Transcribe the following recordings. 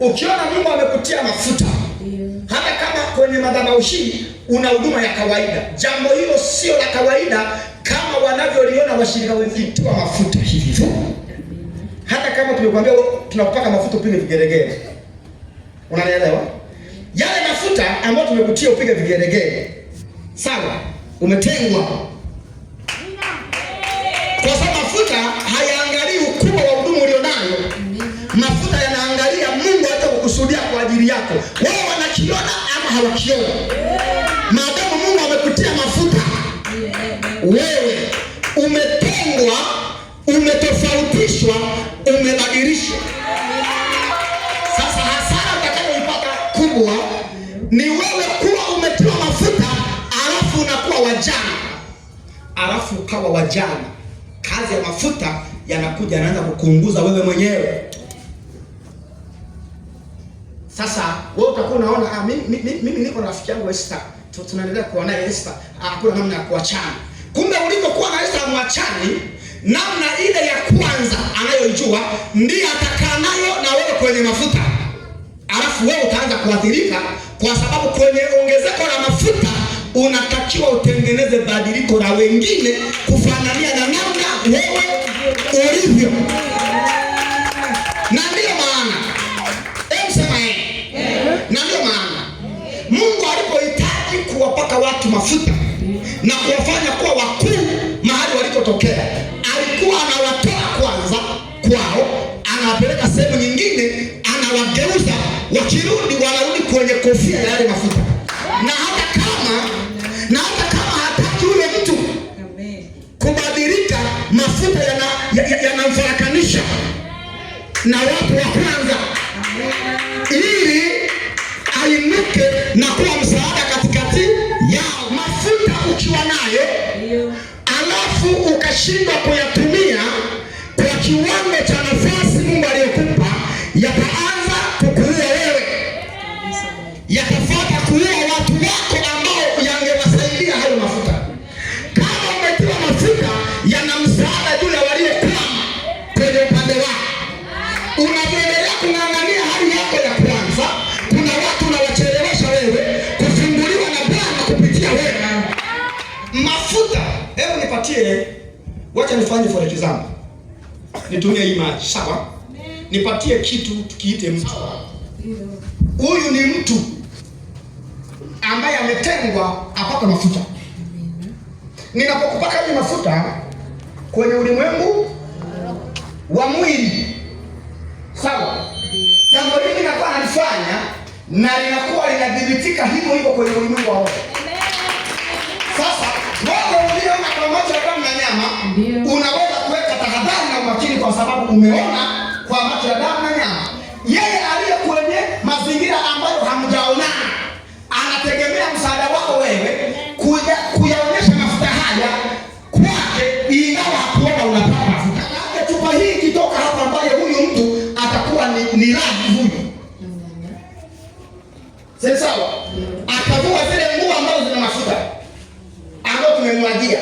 Ukiona Mungu amekutia mafuta hata kama kwenye madhabahu hii una huduma ya kawaida, jambo hilo sio la kawaida kama wanavyoliona washirika wetu wa mafuta hivyo. Hata kama tumekwambia tunapaka mafuta upige vigeregere, unanielewa? Yale mafuta ambayo tumekutia upige vigeregere, sawa, umetengwa kwa sababu mafuta yako, wewe wanakiona ama hawakiona? Maadamu Mungu amekutia mafuta, wewe umetengwa, umetofautishwa, umebadilishwa. Sasa hasara utakayoipata kubwa ni wewe kuwa umetiwa mafuta alafu unakuwa wajana, alafu ukawa wajana. Kazi ya mafuta yanakuja yanaanza kukuunguza wewe mwenyewe. Sasa wewe utakuwa unaona ah, mimi, mimi, niko rafiki yangu Esther, tunaendelea kuwa naye Esther, ah, hakuna namna ya kuachana. Kumbe ulipokuwa na Esther mwachani, namna ile ya kwanza anayoijua ndiye atakaa nayo na wewe kwenye mafuta, alafu wewe utaanza kuathirika, kwa sababu kwenye ongezeko la mafuta unatakiwa utengeneze badiliko la wengine kufanania na namna wewe ulivyo. watu mafuta na kuwafanya kuwa wakuu mahali walikotokea. Alikuwa anawatoa kwanza kwao, anawapeleka sehemu nyingine, anawageuza, wakirudi wanarudi kwenye kofia ya yale mafuta, na hata kama na hata kama hataki yule mtu kubadilika, mafuta yanamfarakanisha na watu wa kwanza ili ainuke na alafu ukashindwa kuyatumia kwa kiwango cha mwingine, wacha nifanye for example, nitumie hii maji sawa, nipatie kitu tukiite mtu. Huyu ni mtu ambaye ametengwa apaka mafuta. Ninapokupaka hii mafuta kwenye ulimwengu wa mwili sawa, jambo hili linakuwa nalifanya na linakuwa linadhibitika hivyo hivyo kwenye ulimwengu wa roho. Sasa macho ya damu na nyama, unaweza kuweka tahadhari na umakini, kwa sababu umeona kwa macho ya damu na nyama. Yeye aliye kwenye mazingira ambayo hamjaonana anategemea msaada wako wewe kuja kuyaonyesha mafuta haya kwake, ingawa hakuona unapata mafuta yake. Chupa hii kitoka hapa, ambaye huyu mtu atakuwa ni, ni radhi huyu, si sawa? Atavua zile nguo ambazo zina mafuta ambayo tumemwagia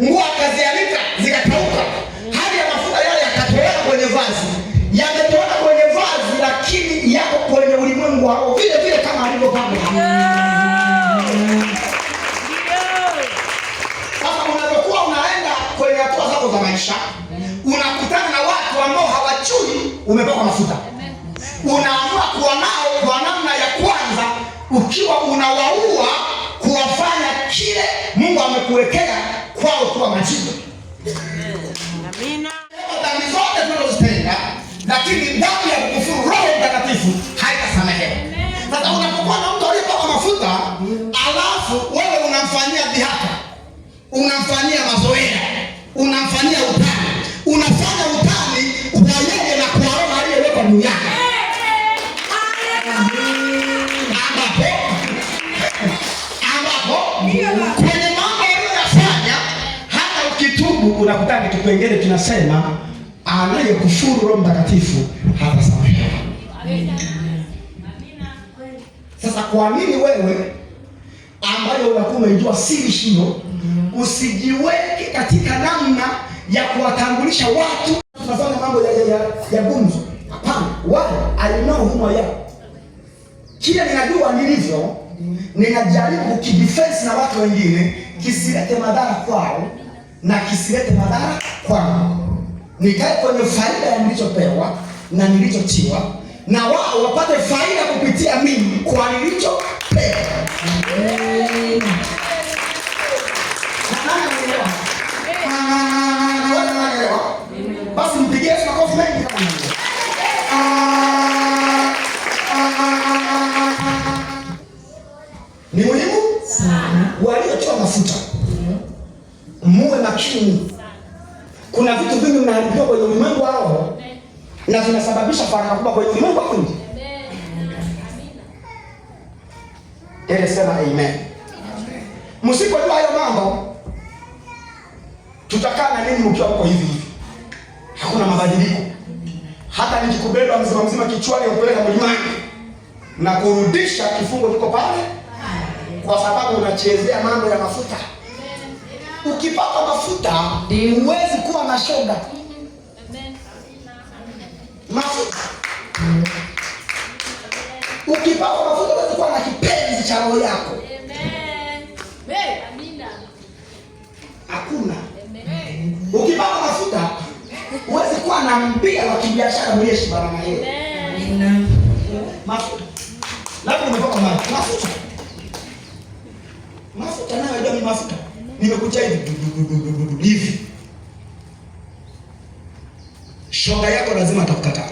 nguo akazianika zikakauka, hali ya mafuta yale yakatolewa kwenye vazi, yametolewa kwenye vazi, lakini yako kwenye ulimwengu wao vile vile kama alivyopanga. Sasa unapokuwa unaenda kwenye hatua zako za maisha, unakutana na watu ambao hawajui umepakwa mafuta, unaamua kuwa nao kwa namna ya kwanza, ukiwa unawaua kuwafanya kile Mungu amekuwekea kuwa majibu. Amina. Dhambi zote lakini dhambi ya kukufuru Roho Mtakatifu haitasamehewa. Sasa unapokuwa na mtu aliyepakwa mafuta alafu wewe unamfanyia dhihaka, unamfanyia unakuta kipengele kinasema anayekufuru Roho Mtakatifu hatasamehewa. Sasa kwa nini wewe ambayo unakuwa unajua siri hiyo usijiweke katika namna ya kuwatambulisha watu tunafanya mambo ya ya, ya gumzo? Hapana, wale alinao huma ya kile ninajua nilivyo, ninajaribu kidefense na watu wengine kisilete madhara kwao na kisilete madhara kwangu, nikae kwenye faida ya nilichopewa na nilichotiwa, na wao wapate faida kupitia mimi kwa nilichopewa. Basi mpigie makofi mengi kama ni muhimu sana waliotoa mafuta muwe makini. Kuna vitu vingi vinaharibiwa kwenye ulimwengu wao na vinasababisha faraka kubwa kwenye ulimwengu wa kundi. Tele sema amen. Msipojua hayo mambo, tutakaa na nini mkiwa huko hivi hivi? Hakuna mabadiliko. Hata nikikubeba mzima mzima kichwani upeleka mlimani na kurudisha, kifungo kiko pale, kwa sababu unachezea mambo ya mafuta ukipata mafuta huwezi kuwa na shoga. Mafuta ukipata mafuta huwezi kuwa na kipenzi cha roho yako. Hakuna ukipata mafuta huwezi kuwa na mbia wa kibiashara mwenye heshima namna hiyo. Mafuta labda umepaka mafuta mafuta nayo ndio mafuta nimekuja hivi hivi, shoga yako lazima atakukataa.